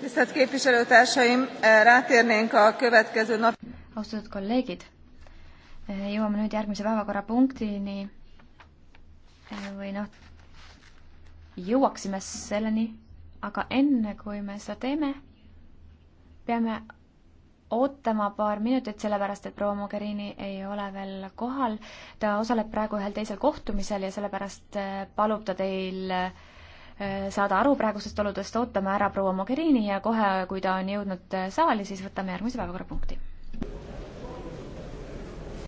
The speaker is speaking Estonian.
tisztelt képviselőtársaim, eh, rátérnénk a következő nap. austatud kolleegid, eh, jõuame nüüd järgmise päevakorrapunktini eh, või noh, jõuaksime selleni, aga enne kui me seda teeme, peame ootama paar minutit, sellepärast et proua Mogherini ei ole veel kohal. ta osaleb praegu ühel teisel kohtumisel ja sellepärast palub ta teil saada aru praegustest oludest, ootame ära proua Mogherini ja kohe, kui ta on jõudnud saali, siis võtame järgmise päevakorrapunkti